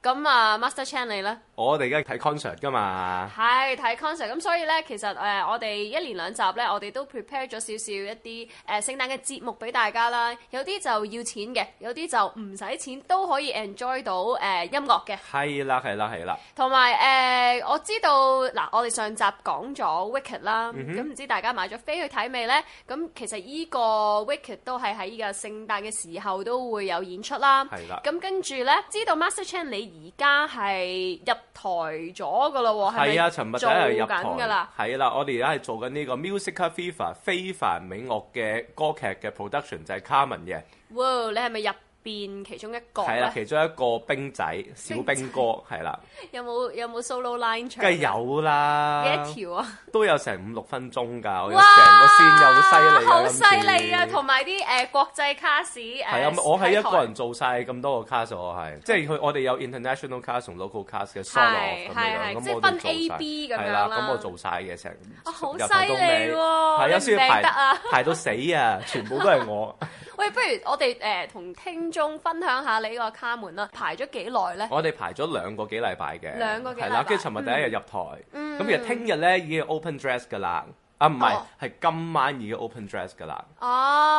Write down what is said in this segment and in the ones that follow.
咁啊，Master Chan 你咧？我哋而家睇 concert 噶嘛？係睇 concert，咁所以咧，其實、呃、我哋一年兩集咧，我哋都 prepare 咗少少一啲誒、呃、聖誕嘅節目俾大家啦。有啲就要錢嘅，有啲就唔使錢都可以 enjoy 到、呃、音樂嘅。係啦，係啦，係啦。同埋、呃、我知道嗱，我哋上集講咗 Wicked 啦，咁唔、嗯、哼知大家買咗飛去睇未咧？咁其實依個 Wicked 都係喺呢個聖誕嘅時候都會有演出啦。係啦的。咁跟住咧，知道 Master Chan 你？而家係入台咗噶咯喎，係咪？做緊噶啦，係啦、啊，我哋而家係做緊、這、呢個 Musical Fever 非凡美樂嘅歌劇嘅 production 就係 Carmen 嘅。哇！你係咪入？變其中一個，係啦，其中一個兵仔，小兵哥，係啦。有冇有冇 solo line？梗係有啦。幾多條啊？都有成五六分鐘㗎。哇！成個線又犀利好犀利啊！同埋啲誒國際卡士，係啊！我係一個人做晒咁多個卡士，我係即係佢，我哋有 international cast 同 local cast 嘅 solo 咁樣，分 AB 噉係啦，咁我做晒嘅成好犀利係喎，係啊，先排得啊，排排到死啊！全部都係我。喂，不如我哋誒同聽眾分享下你呢個卡門啦，排咗幾耐咧？我哋排咗兩個幾禮拜嘅，兩個幾禮拜。跟住尋日第一日入台，咁其實聽日咧已經 open dress 噶啦，嗯、啊唔係，係、哦、今晚已經 open dress 噶啦。哦，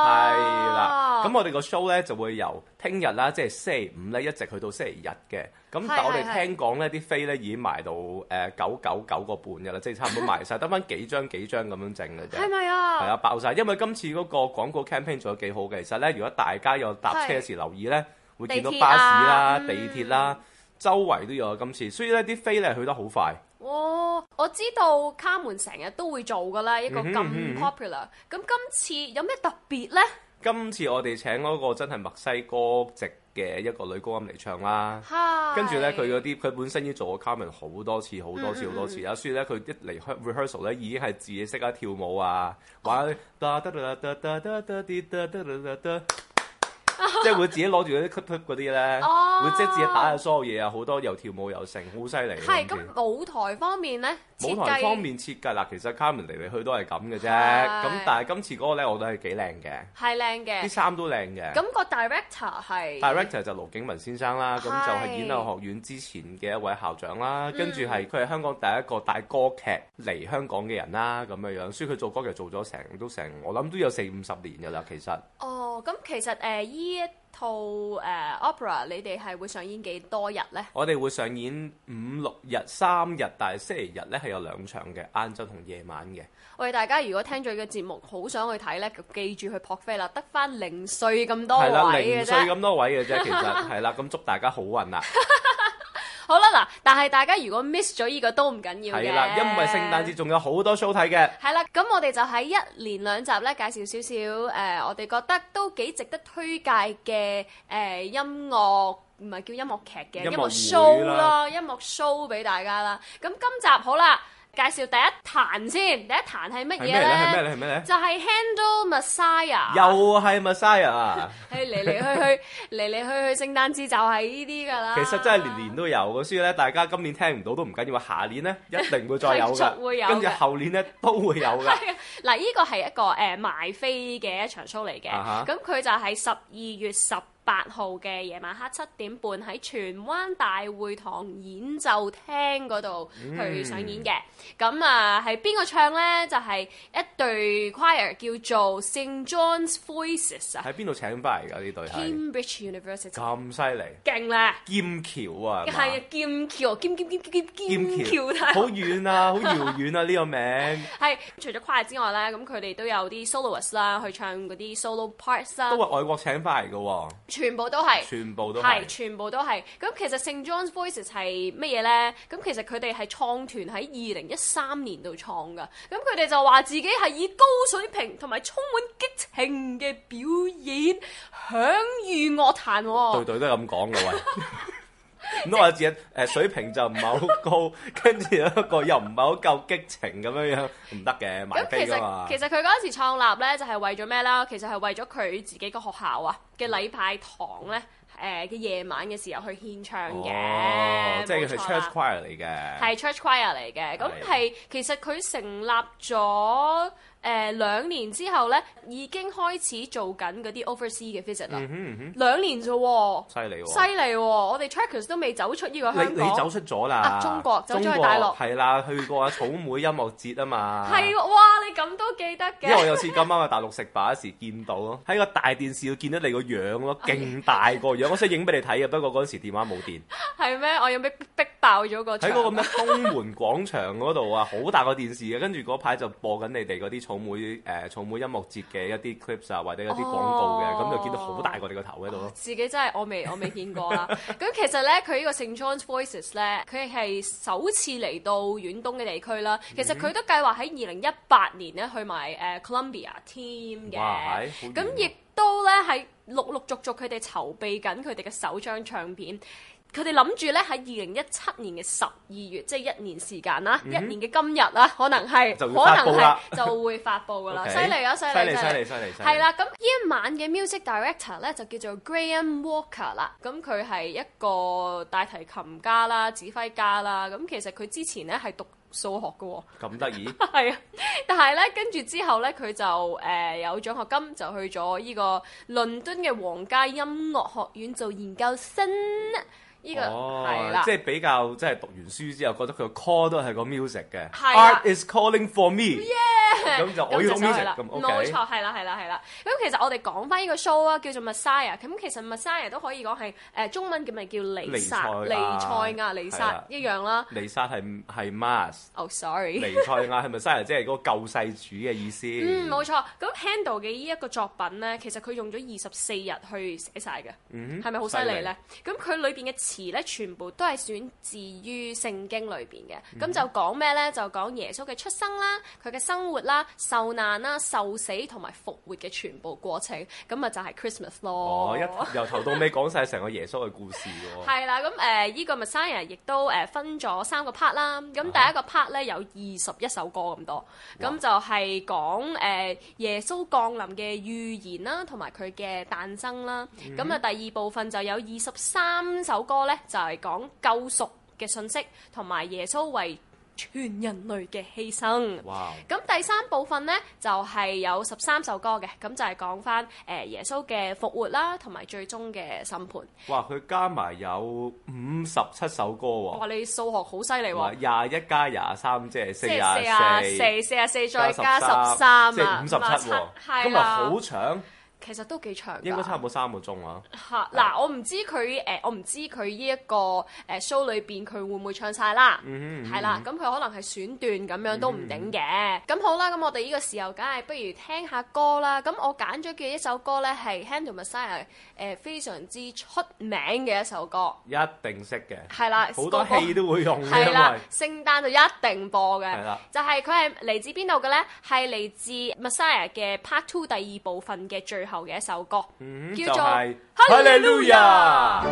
係啦，咁我哋個 show 咧就會由聽、就是、日啦，即係星期五咧一直去到星期日嘅。咁但我哋聽講呢啲飛是呢，呢已經賣到、呃、九九九個半嘅啦，即係差唔多賣晒得翻幾張幾張咁樣整嘅啫。係咪啊？係啊，爆晒！因為今次嗰個廣告 campaign 做得幾好嘅，其實呢，如果大家有搭車時留意呢，是會見到巴士啦、地鐵，啊嗯、地鐵啦，周圍都有今次。所以呢啲飛呢去得好快。哇、哦！我知道卡門成日都會做㗎啦，一個咁 popular。咁今次有咩特別呢？今次我哋請嗰個真係墨西哥籍。嘅一個女高音嚟唱啦，Hi. 跟住呢，佢嗰啲，佢本身已經做過卡文好多次好多次好多次啦，所、so，以呢，佢一嚟 rehearsal 呢，已經係自己識得跳舞啊，玩。即係會自己攞住嗰啲 cut cut 嗰啲咧，會即係自己打下所有嘢啊，好多又跳舞又成，好犀利。係咁舞台方面咧，舞台方面設計啦，其實卡門嚟嚟去都係咁嘅啫。咁但係今次嗰個咧，我覺得係幾靚嘅，係靚嘅，啲衫都靚嘅。咁個 director 係 director 就盧景文先生啦，咁就係演藝學院之前嘅一位校長啦，跟住係佢係香港第一個帶歌劇嚟香港嘅人啦，咁嘅樣。所以佢做歌劇做咗成都成，我諗都有四五十年㗎喇，其實。哦。咁、哦、其實誒依、呃、一套誒、呃、Opera，你哋係會上演幾多日咧？我哋會上演五六日、三日，但係星期日咧係有兩場嘅，晏晝同夜晚嘅。喂，大家如果聽咗個節目好想去睇咧，就記住去撲飛啦，得翻零碎咁多位嘅啫。零碎咁多位嘅啫，其實係啦。咁 祝大家好運啦！ 好啦嗱，但係大家如果 miss 咗依個都唔緊要嘅，係啦，因為聖誕節仲有好多 show 睇嘅。係啦，咁我哋就喺一連兩集咧，介紹少少誒，我哋覺得都幾值得推介嘅誒、呃，音樂唔係叫音樂劇嘅音樂 show 咯，音樂 show 俾大家啦。咁今集好啦。介紹第一彈先，第一彈係乜嘢咧？係咩咧？係咩咧？是就係 Handel Messiah，又係 Messiah 啊！係嚟嚟去去，嚟嚟 去去聖誕節就係呢啲噶啦。其實真係年年都有嘅，所以咧，大家今年聽唔到都唔緊要，下年咧一定會再有嘅，跟住 後年咧都會有嘅。嗱， 呢、這個係一個誒賣飛嘅一場 show 嚟嘅，咁佢、uh huh. 就喺十二月十八號嘅夜晚黑七點半喺荃灣大會堂演奏廳嗰度去上演嘅，咁啊係邊個唱咧？就係一隊 choir 叫做 St John's Voices 啊！喺邊度請翻嚟㗎？呢隊係 Cambridge University，咁犀利，勁咧！劍橋啊，係劍橋，劍劍劍劍劍劍橋，好遠啊，好遙遠啊！呢個名係除咗 choir 之外咧，咁佢哋都有啲 soloist 啦，去唱嗰啲 solo parts 啊，都係外國請翻嚟㗎喎。全部都係，全部都係，全部都咁其實姓 Johns Voices 係乜嘢呢？咁其實佢哋係創團喺二零一三年度創噶。咁佢哋就話自己係以高水平同埋充滿激情嘅表演響譽樂壇，哦。對對都係咁講嘅喂。 咁即、嗯、我有自己誒水平就唔係好高，跟住有一個又唔係好夠激情咁樣樣，唔得嘅冇計啊嘛。其實佢嗰陣時創立咧就係為咗咩啦？其實係為咗佢自己個學校啊嘅禮拜堂咧嘅夜晚嘅時候去獻唱嘅，哦、即係佢 church choir 嚟嘅，係 church choir 嚟嘅。咁係、哎、呀其實佢成立咗。誒，兩、呃、年之後咧，已經開始做緊嗰啲 oversee 嘅 project 啦。兩、嗯、年啫，犀利喎！犀利喎！我哋 trackers 都未走出呢個香港，你,你走出咗啦、啊？中國，大陸，係啦，去過啊草莓音樂節啊嘛。係 哇，你咁都記得嘅。因為我有次咁啱喺大陸食飯嗰時見到咯，喺個大電視度見到你個樣咯，勁大個樣， 我想影俾你睇嘅。不過嗰時電話冇電。係咩？我要俾爆咗個喺嗰咩東門廣場嗰度啊，好 大個電視啊，跟住嗰排就播緊你哋嗰啲草莓誒、呃、草莓音樂節嘅一啲 clips 啊，或者一啲廣告嘅，咁、哦、就見到好大個你個頭喺度咯。自己真係我未我未見過啦。咁 其實咧，佢呢個 St John's Voices 咧，佢係首次嚟到遠東嘅地區啦。嗯、其實佢都計劃喺二零一八年咧去埋誒、呃、Columbia team 嘅。哇，係。咁亦、啊、都咧係陸陸續續佢哋籌備緊佢哋嘅首張唱片。佢哋諗住咧喺二零一七年嘅十二月，即係一年時間啦，嗯、一年嘅今日啦，可能係，可能係就會發布噶啦，犀利啊，犀利係！犀利犀利犀利！係啦，咁呢一晚嘅 music director 咧就叫做 Graham Walker 啦，咁佢係一個大提琴家啦、指揮家啦，咁其實佢之前咧係讀數學嘅喎，咁得意係啊！但係咧跟住之後咧，佢就誒、呃、有獎學金就去咗呢個倫敦嘅皇家音樂學院做研究生。呢個係啦，即係比較即係讀完書之後覺得佢個 call 都係個 music 嘅，art is calling for me，咁就我要個 music，咁 OK，冇錯係啦係啦係啦，咁其實我哋講翻呢個 show 啊，叫做 Messiah，咁其實 Messiah 都可以講係誒中文叫咪叫尼撒尼賽亞尼撒一樣啦，尼撒係係 mas，哦 sorry，尼賽亞係 Messiah 即係嗰個救世主嘅意思。嗯，冇錯。咁 Handel 嘅呢一個作品咧，其實佢用咗二十四日去寫晒嘅，嗯，係咪好犀利咧？咁佢裏邊嘅詞咧全部都係選自於聖經裏邊嘅，咁就講咩咧？就講耶穌嘅出生啦、佢嘅生活啦、受難啦、受死同埋復活嘅全部過程，咁啊就係 Christmas 咯。哦，一由頭到尾講晒成個耶穌嘅故事喎。係啦， 咁誒依個 Messiah 亦都誒分咗三個 part 啦，咁第一個 part 咧有二十一首歌咁多，咁就係講誒耶穌降臨嘅預言啦，同埋佢嘅誕生啦，咁啊第二部分就有二十三首歌。歌咧就係講救贖嘅信息，同埋耶穌為全人類嘅犧牲。哇！咁第三部分咧就係有十三首歌嘅，咁就係講翻誒耶穌嘅復活啦，同埋最終嘅審判。哇！佢加埋有五十七首歌喎。哇！你數學好犀利喎。廿一加廿三即係四十四，四十四再加十三即係五十七。係啊，今日好長。其實都幾長，應該差唔多三個鐘啊！嚇，嗱，我唔知佢誒，我唔知佢呢一個誒 show 裏邊佢會唔會唱晒啦。嗯哼，係啦，咁佢可能係選段咁樣都唔頂嘅。咁好啦，咁我哋呢個時候梗係不如聽下歌啦。咁我揀咗嘅一首歌咧係 Handel Messiah 誒，非常之出名嘅一首歌。一定識嘅，係啦，好多戲都會用嘅。係啦，聖誕就一定播嘅，就係佢係嚟自邊度嘅咧？係嚟自 Messiah 嘅 Part Two 第二部分嘅最後嘅一首歌，嗯、叫做、就是《哈利路亞》。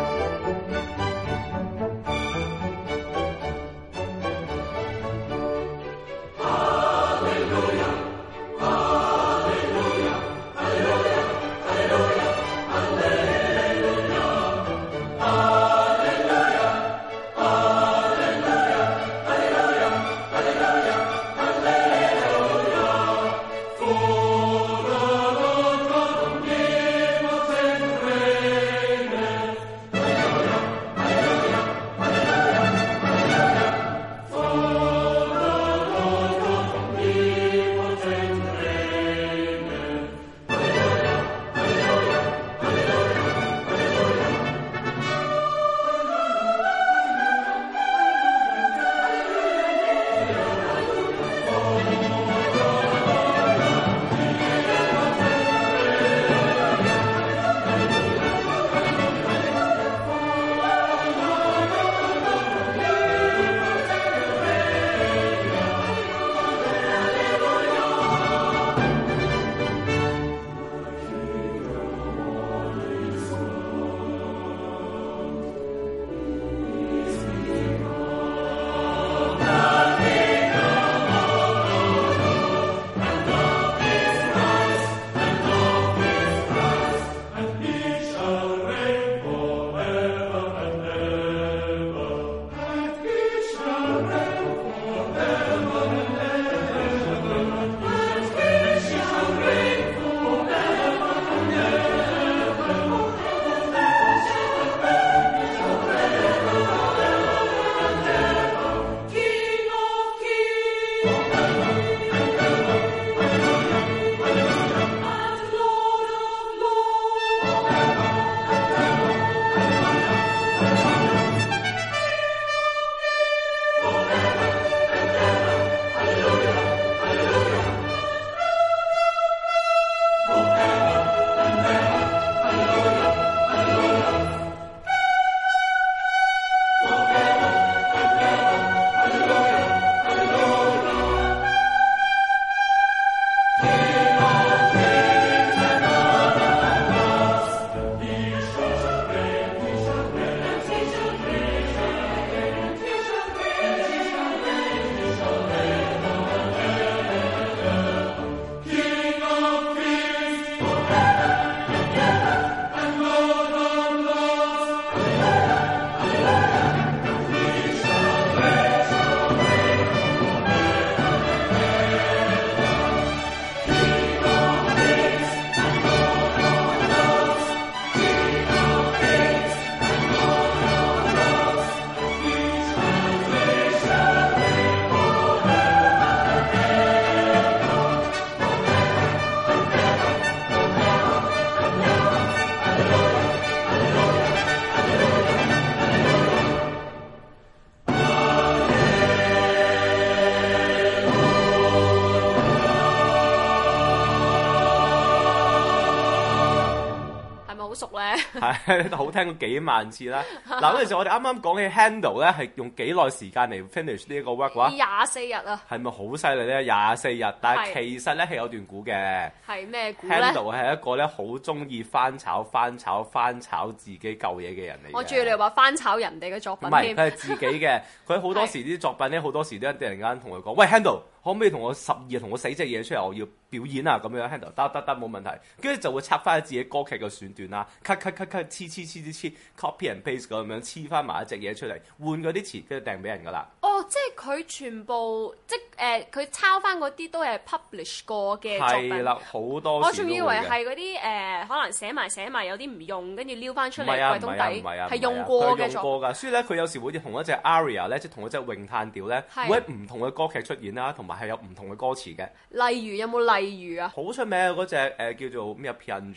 好聽過幾萬次啦！嗱， 嗰陣時我哋啱啱講起 Handle 咧，係用幾耐時間嚟 finish 呢一個 work 話，廿四日啦，係咪好犀利咧？廿四日，但係其實咧係是有段估嘅。係咩估？Handle 係一個咧好中意翻炒、翻炒、翻炒自己舊嘢嘅人嚟。我仲要你話翻炒人哋嘅作品。唔係，係自己嘅。佢好多時啲作品咧，好 是多時都突然間同佢講：喂，Handle！可唔可以同我十二日同我寫隻嘢出嚟，我要表演啊咁樣，喺度得得得冇問題，跟住就會拆翻自己歌劇嘅選段啦咔咔咔咔，黐黐黐黐黐，copy and paste 咁樣黐翻埋一隻嘢出嚟，換嗰啲詞，跟住掟俾人噶啦。哦，即係。佢全部即係呃，佢抄翻嗰啲都係 publish 過嘅作品。係啦，好多。我仲以為係嗰啲誒，可能寫埋寫埋有啲唔用，跟住撩翻出嚟櫃桶底。唔係啊，唔係啊，唔係啊，係用過嘅。用過嘅。所以咧，佢有時會同一隻 aria 咧，即係同一隻詠嘆調咧，會喺唔同嘅歌劇出現啦，同埋係有唔同嘅歌詞嘅。例如有冇例如啊？好出名嗰隻誒叫做咩？Piano。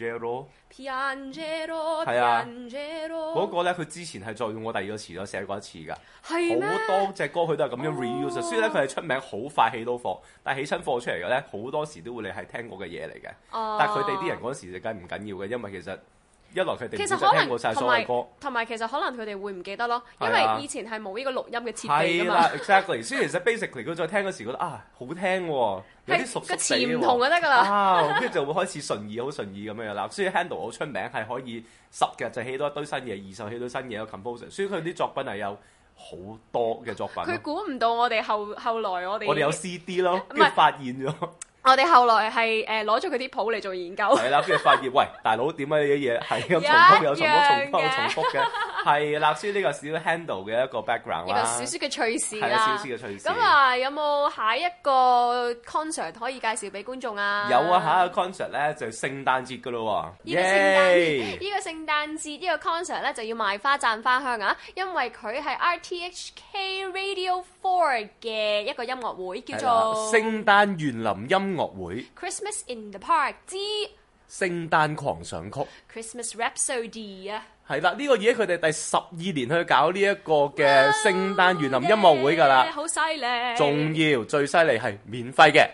係啊，嗰、那個咧，佢之前係再用我第二個詞嚟寫過一次㗎，好嗎多隻歌佢都係咁樣 reuse，所以咧，佢係出名好快起到貨，但起身貨出嚟嘅咧，好多時都會你係聽過嘅嘢嚟嘅。啊、但佢哋啲人嗰陣時就緊唔緊要嘅，因為其實。一來佢哋冇聽過曬所有歌，同埋其實可能佢哋會唔記得咯，因為以前係冇呢個錄音嘅設備㗎嘛。係啦，exactly。所以其實 basically 佢在聽嗰時候覺得 啊，好聽喎、哦，有啲熟熟哋喎，個詞唔同就得㗎啦。跟住、啊、就會開始順耳好 順耳咁樣樣。嗱，所以 Handel 好出名係可以十日就起多一堆新嘢，二十起到新嘢個 composer。所以佢啲作品係有好多嘅作品。佢估唔到我哋後後來我哋我哋有 CD 咯，跟住發現咗。我哋後來係誒攞咗佢啲譜嚟做研究的。係啦，跟住發現， 喂，大佬，點解啲嘢係咁重複又重複，重複重複嘅？係立於呢個小 handle 嘅一個 background 啦。呢個小説嘅趣事啦。係啊，小説嘅趣事。咁啊，有冇下一個 concert 可以介紹俾觀眾啊？有啊，下一個 concert 咧就聖誕節噶咯喎。依個聖誕節，依 Yeah! 個聖誕節，依、這個 concert 咧就要賣花讚花香啊！因為佢係 RTHK Radio Four 嘅一個音樂會，叫做聖誕園林音音樂會，Christmas in the Park 之聖誕狂想曲，Christmas Rhapsody 啊，係啦，呢個而家佢哋第十二年去搞呢一個嘅聖誕園林音樂會噶啦，好犀利，仲要最犀利係免費嘅，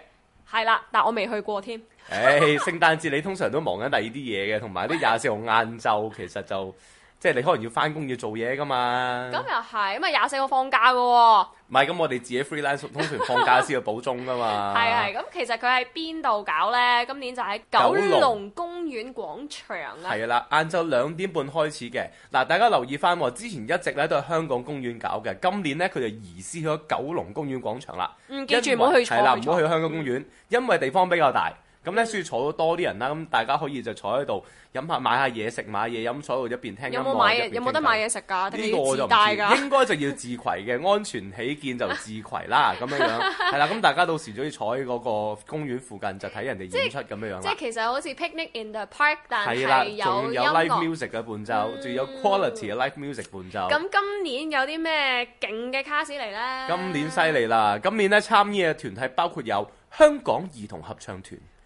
係啦，但我未去過添，誒，聖誕節你通常都忙緊第二啲嘢嘅，同埋啲廿四號晏晝其實就。即係你可能要翻工要做嘢噶嘛，咁又係，咁啊廿四號放假噶喎、啊。唔係，咁我哋自己 freelance 通常放假先要補鐘噶嘛。 係啊係，咁其實佢喺邊度搞咧？今年就喺九,九，龍九龍公園廣場啦。係啦，晏晝兩點半開始嘅。嗱，大家留意翻喎，之前一直咧都係香港公園搞嘅，今年咧佢就移師去咗九龍公園廣場啦。嗯，記住唔好為去錯的。係啦，唔好去香港公園，蔡 因為地方比較大。咁咧，需要、嗯嗯、坐多啲人啦。咁大家可以就坐喺度飲下、買下嘢食、買嘢飲，坐喺度一邊聽音樂。有冇買？有冇得買嘢食㗎？呢個我就唔知 應該就要自攜嘅，安全起見就自攜啦。咁 樣樣係啦。咁大家到時就要坐喺嗰個公園附近，就睇人哋演出咁即樣樣即係其實好似 picnic in the park，但係仲有，有 live music 嘅伴奏，仲、嗯、有 quality 嘅 live music 伴奏。咁、嗯、今年有啲咩勁嘅卡士嚟咧？今年犀利啦！今年咧參與嘅團體包括有香港兒童合唱團。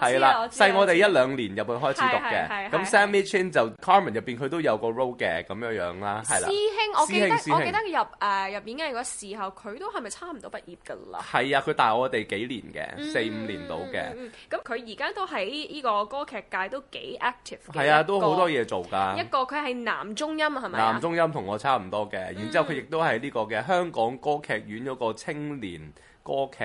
係啦，細我哋一兩年入去開始讀嘅。咁 Sammy Chin 就 Carmen 入面，佢都有個 role 嘅咁樣樣啦。係啦，師兄，我記得我記得入面入嘅時候，佢都係咪差唔多畢業㗎啦？係啊，佢大我哋幾年嘅，四五年到嘅。咁佢而家都喺呢個歌劇界都幾 active。係啊，都好多嘢做㗎。一個佢係男中音係咪？男中音同我差唔多嘅，然之後佢亦都係呢個嘅香港歌劇院嗰個青年歌劇。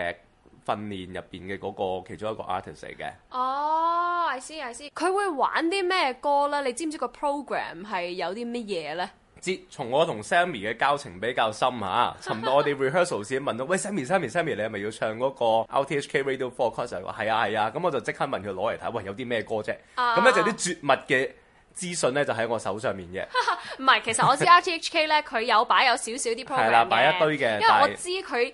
訓練入面嘅嗰個其中一個 artist 嚟嘅。哦、oh,，I see，I see。佢會玩啲咩歌咧？你知唔知個 program 係有啲乜嘢咧？從我同 Sammy 嘅交情比較深吓，尋日我哋 rehearsal 先問到， 喂，Sammy，Sammy，Sammy，你係咪要唱嗰個 RTHK Radio 4 Concert 啊？係啊，係啊，咁我就即刻問佢攞嚟睇，喂，有啲咩歌啫？咁咧、uh, uh, 就啲絕密嘅資訊咧，就喺我手上面嘅。唔係， 其實我知 RTHK 咧，佢 有擺有少少啲 program 嘅，係啦，擺一堆嘅，因為是我知佢。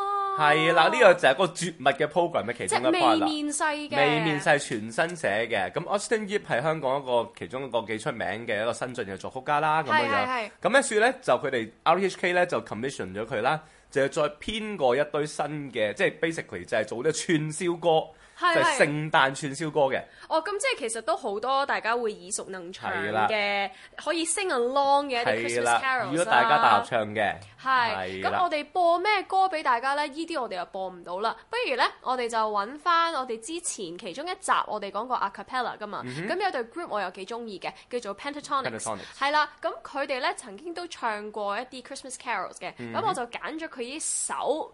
係啦，呢個就係個絕密嘅 program 嘅其中一個啦。未面世嘅，未面世全新寫嘅。咁 Austin Yip 係香港一個其中一個幾出名嘅一個新晉嘅作曲家啦。咁樣的樣，咁一算咧就佢哋 RHK 咧就 commission 咗佢啦，就係再編過一堆新嘅，即係 basically 就係、是、bas 做啲串燒歌。係係就係聖誕串燒歌嘅。哦，咁即係其實都好多大家會耳熟能詳嘅，了可以 sing along 嘅一啲 Christmas carols，如果大家大合唱嘅。係是。咁了我哋播咩歌俾大家咧？呢啲我哋又播唔到啦。不如咧，我哋就揾翻我哋之前其中一集，我哋講過 acapella 噶嘛。咁、嗯、哼有隊 group 我又幾中意嘅，叫做 Pentatonix。Pentatonix 係啦，咁佢哋咧曾經都唱過一啲 Christmas carols 嘅。咁、嗯、哼我就揀咗佢依首。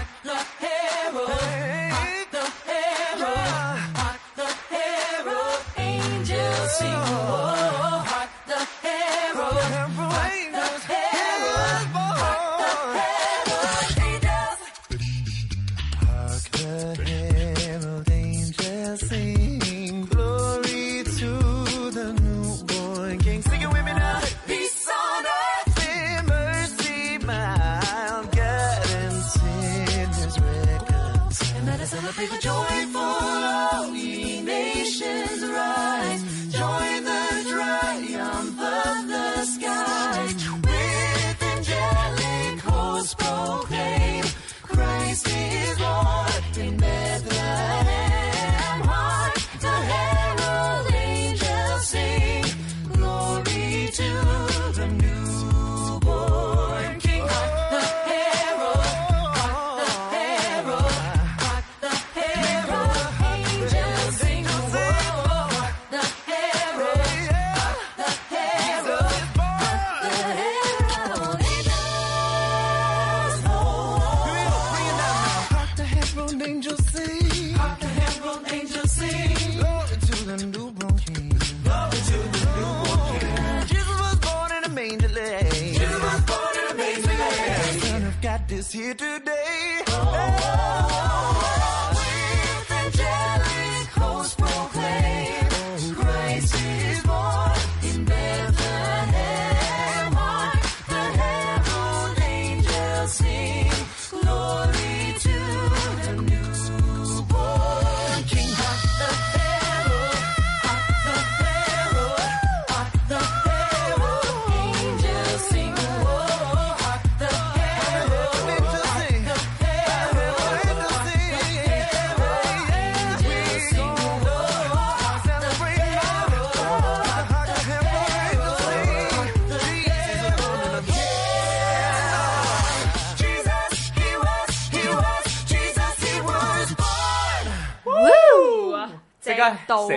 到啦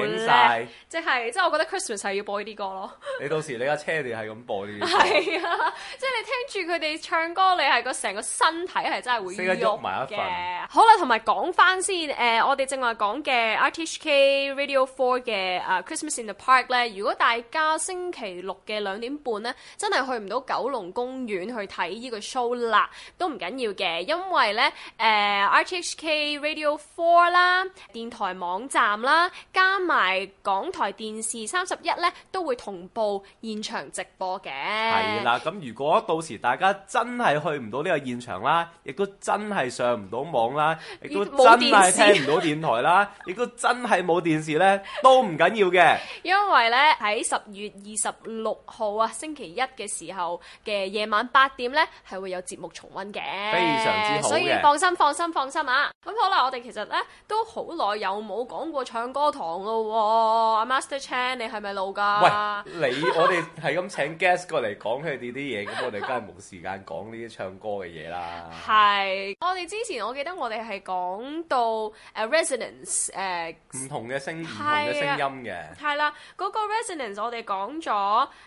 了，即係即係我覺得 Christmas 係要播呢啲歌咯。你到時你架車你係咁播啲？係啊，即係你聽住佢哋唱歌，你係個成個身體係真係會喐一喐嘅。好啦，啊，同埋講翻先，誒、呃、我哋正話講嘅 RTHK Radio Four 嘅誒 Christmas in the Park 咧，如果大家星期六嘅兩點半咧，真係去唔到九龍公園去睇呢個 show 啦，都唔緊要嘅，因為咧誒、呃、RTHK Radio Four 啦，電台網站啦，加埋港台電視三十一咧，都會同步。現場直播嘅係啦，咁如果到時大家真係去唔到呢個現場啦，亦都真係上唔到網啦，亦都真係聽唔到電台啦，亦 都真係冇電視咧，都唔緊要嘅。因為咧喺十月二十六號啊星期一嘅時候嘅夜晚八點咧係會有節目重温嘅，非常之好嘅。所以放心，放心，放心啊！咁好啦，我哋其實咧都好耐有冇講過唱歌堂咯、啊，阿 Master Chan 你係咪路噶？喂，你。 我哋係咁請 guest 過嚟講佢哋啲嘢，咁我哋梗係冇時間講呢啲唱歌嘅嘢啦。係，我哋之前我記得我哋係講到誒、uh, resonance 誒、uh, 唔同嘅聲唔是同嘅聲音嘅。係啦，嗰、嗰個 resonance 我哋講咗。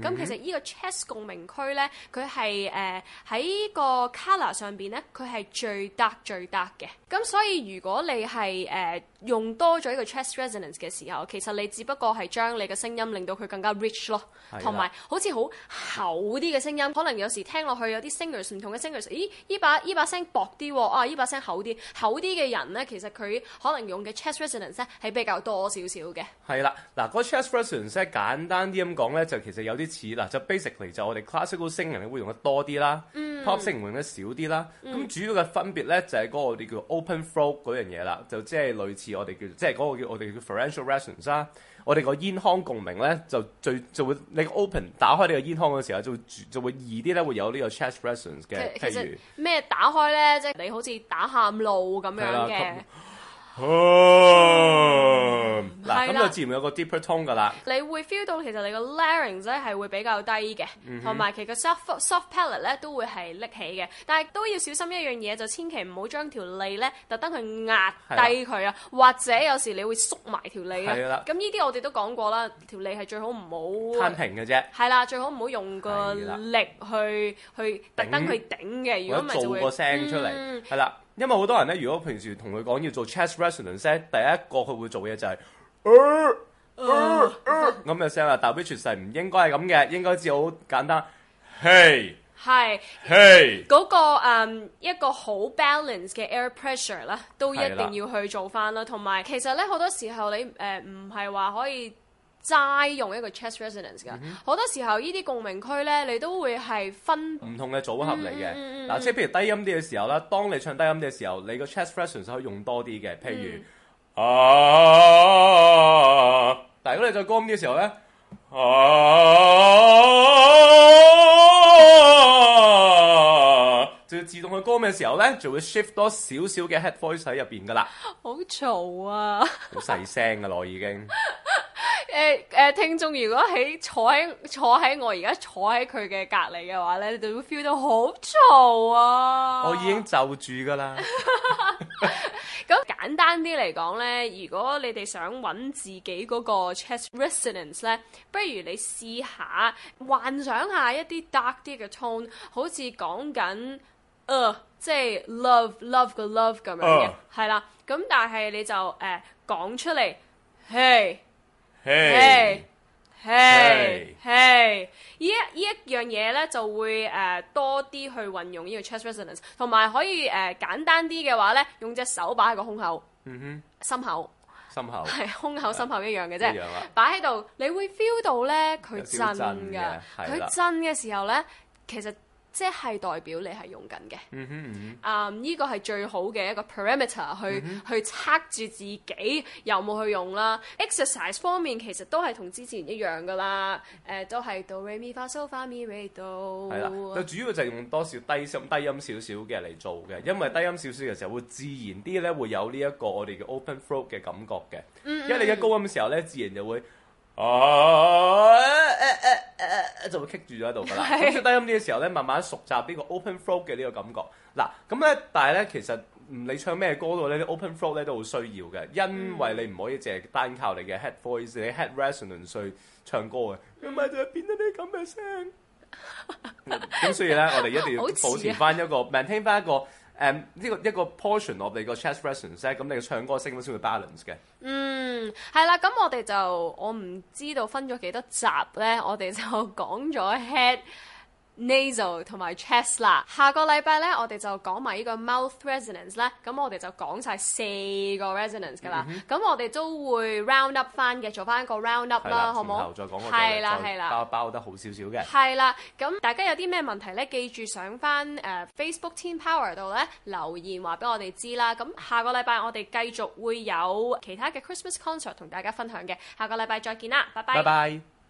咁、嗯、其實呢個 chest 共鳴區咧，佢係誒喺個 colour 上邊咧，佢係最得最得嘅。咁所以如果你係誒、呃、用多咗一個 chest resonance 嘅時候，其實你只不過係將你嘅聲音令到佢更加 rich 咯，同埋的好似好厚啲嘅聲音，可能有時候聽落去有啲 singers 唔同嘅 singers，咦？依把依把聲薄啲喎，啊依把聲厚啲，厚啲嘅人咧，其實佢可能用嘅 chest resonance 咧係比較多少少嘅。係啦，嗱、那個 chest resonance 簡單啲咁講咧，就其實有。有啲似嗱，就 basically 就我哋 classical singing 聲人會用得多啲啦，pop singing 聲會用得少啲啦。咁、嗯、主要嘅分別咧就係、是、嗰個我哋叫 open throat 嗰樣嘢啦，就即係類似我哋叫即係嗰個我哋叫我哋叫 fundamental resonance 啦。我哋個煙腔共鳴咧就最就會，你個 open 打開呢個煙腔嘅時候，就就會易啲咧，會有呢個 chest resonance 嘅，譬如咩打開咧，即係你好似打喊路咁樣嘅。嗱，咁就 自然有個 deeper tone 噶啦。你會 feel 到其實你個 larynx 咧係會比較低嘅，同埋、mm hmm. 其實 soft soft palate 咧都會係拎起嘅。但係都要小心一樣嘢，就千祈唔好將條脷咧特登去壓低佢啊，的或者有時你會縮埋條脷啊。咁呢啲我哋都講過啦，條脷係最好唔好攤平嘅啫。係啦，最好唔好用個力去的去特登去頂嘅，如果唔係就會做個聲出嚟。係啦、嗯。因為好多人咧，如果平時同佢講要做 chest resonance 第一個佢會做嘅就係咁嘅聲啦。但係吹爵士唔應該係咁嘅，應該知好簡單。係係嗰個誒、嗯、一個好 balance 嘅 air pressure 咧，都一定要去做翻啦。同埋是的 其實咧好多時候你誒唔係話可以。齋用一個 chest resonance 噶，好、mm hmm. 多時候鳴區呢啲共鳴區咧，你都會係分唔同嘅組合嚟嘅。嗱、嗯，即係譬如低音啲嘅時候咧，當你唱低音啲嘅時候，你個 chest resonance 可以用多啲嘅。譬如、嗯、啊，但如果你再高音啲嘅時候咧、啊，啊，就要自動去高音嘅時候咧，就會 shift 多少少嘅 head voice 喺入邊噶啦。好嘈吵啊！好細聲噶咯，已經。誒誒，聽眾如果喺坐喺坐喺我而家坐喺佢嘅隔離嘅話咧，你就會 feel 到好嘈啊！我已經就住噶啦。咁簡單啲嚟講咧，如果你哋想揾自己嗰個 chest resonance 咧，不如你試下幻想下一啲 dark 啲嘅 tone，好似講緊誒，即、呃、係、就是、love love 嘅 love 咁樣嘅，係啦、uh.。咁但係你就誒講、呃、出嚟 h、hey, 嘿，嘿，嘿！依一依一樣嘢咧，就會誒、呃、多啲去運用呢個 c h e s s resonance，同埋可以誒、呃、簡單啲嘅話咧，用隻手擺喺個胸口，嗯哼，心口，心口係胸口心口，對口一樣嘅啫，擺喺度你會 feel 到咧佢震噶佢震嘅時候咧，其實。.即係代表你係用緊嘅，啊呢、嗯嗯 um, 個係最好嘅一個 parameter 去、嗯、哼去測住自己有冇去用啦。Exercise 方面其實都係同之前一樣噶啦，呃、都係 do re mi fa so fa mi re do。係啦，就主要就係用多少低音低音少少嘅嚟做嘅，因為低音少少嘅時候會自然啲咧，會有呢一個我哋嘅 open throat 嘅感覺嘅，嗯嗯，因為你嘅高音嘅時候咧，自然就會。哦，誒誒誒，就會棘住咗喺度噶啦。是的 低音啲嘅時候咧，慢慢熟習呢個 open throat 嘅呢個感覺。嗱，咁咧，但係咧，其實唔理唱咩歌嘅話咧，啲 open throat 咧都好需要嘅，因為你唔可以淨係單靠你嘅 head voice、你 head resonance 去唱歌嘅。咁咪就變咗啲咁嘅聲。咁、 嗯、所以咧，我哋一定要保持翻一個，and 聽翻一個。像誒呢、um, 這個一、這個 portion，我哋個 chest presence 咧，咁你唱歌聲都先會 balance 嘅。嗯，係啦，咁我哋就我唔知道分咗幾多集咧，我哋就講咗 head。nasal 同埋 chest 啦，下個禮拜咧，我哋就講埋呢個 mouth resonance 啦。咁我哋就講晒四個 resonance 噶啦，咁、嗯、哼我哋都會 round up 翻嘅，做翻一個 round up 啦，了好唔好？前頭再講個，係啦，係啦，包包得好少少嘅。係啦，咁大家有啲咩問題咧，記住上翻、uh, Facebook Team Power 度咧留言話俾我哋知啦。咁下個禮拜我哋繼續會有其他嘅 Christmas concert 同大家分享嘅，下個禮拜再見啦，拜拜。Bye bye。